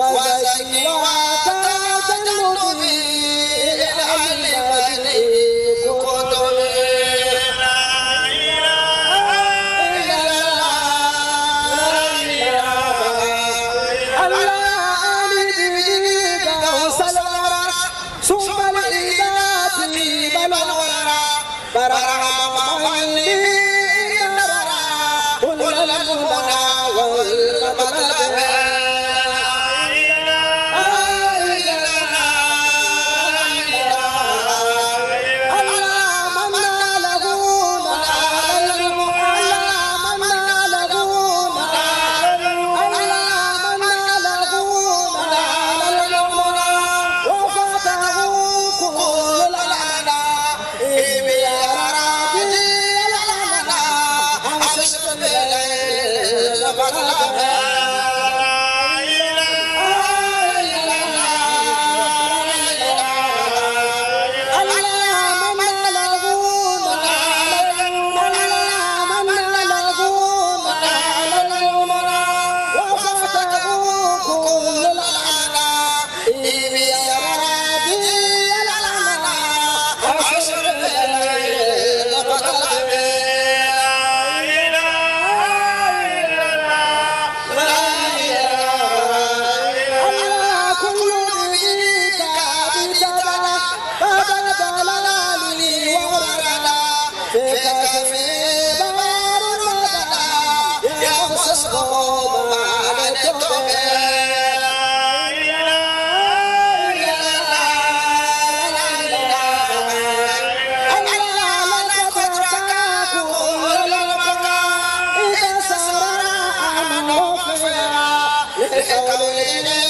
وذكرى تجنب العلم ثم الإله بل الورى برحم من Yeah.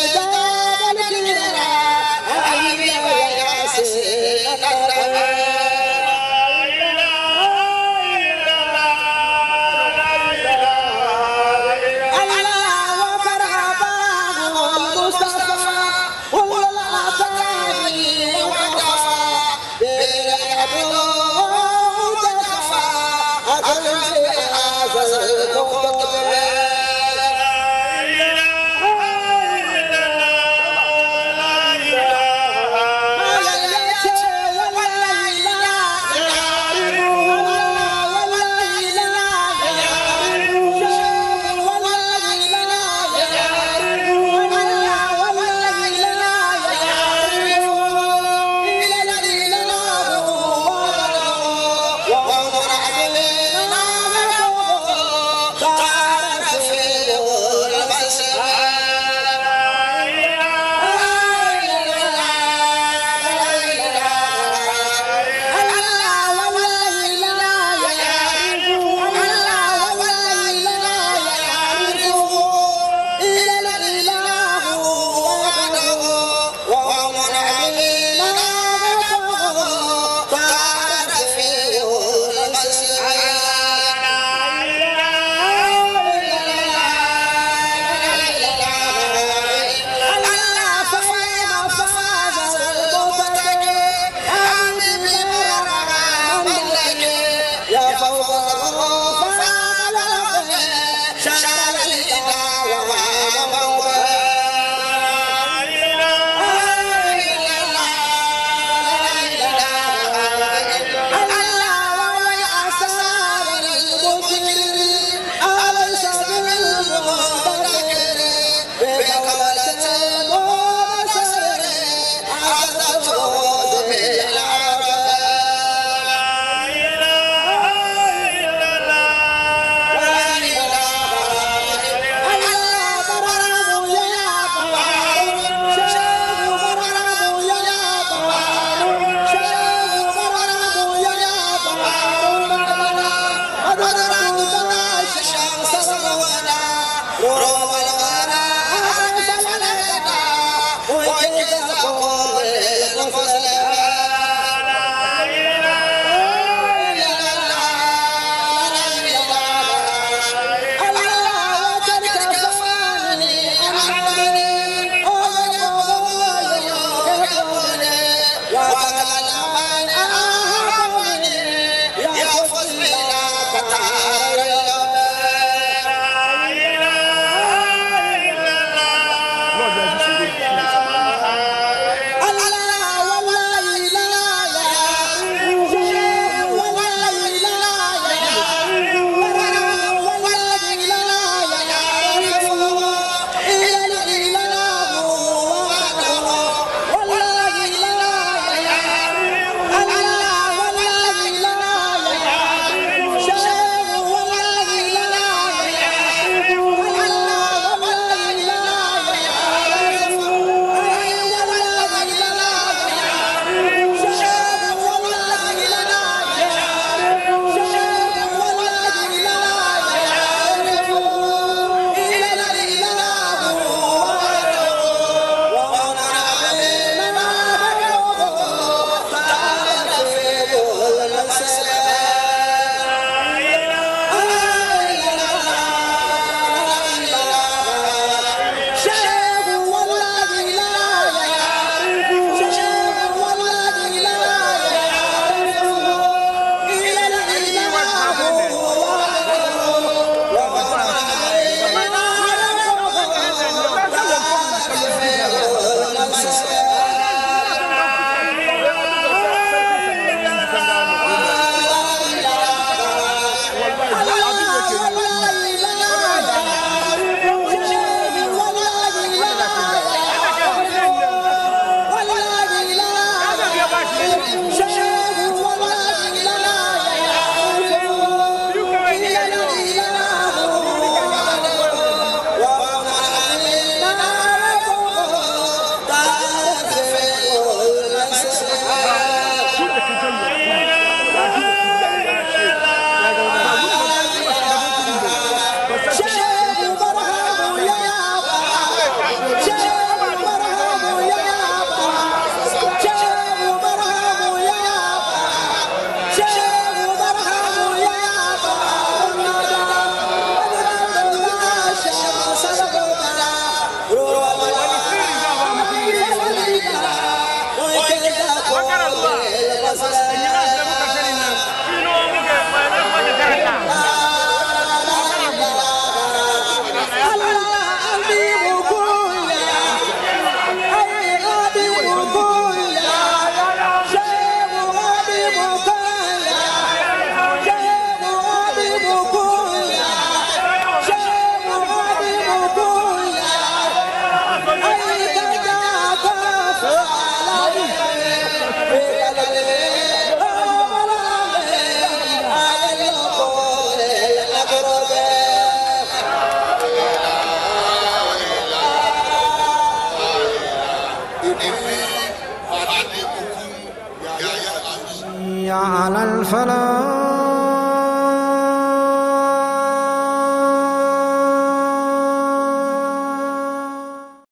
فلا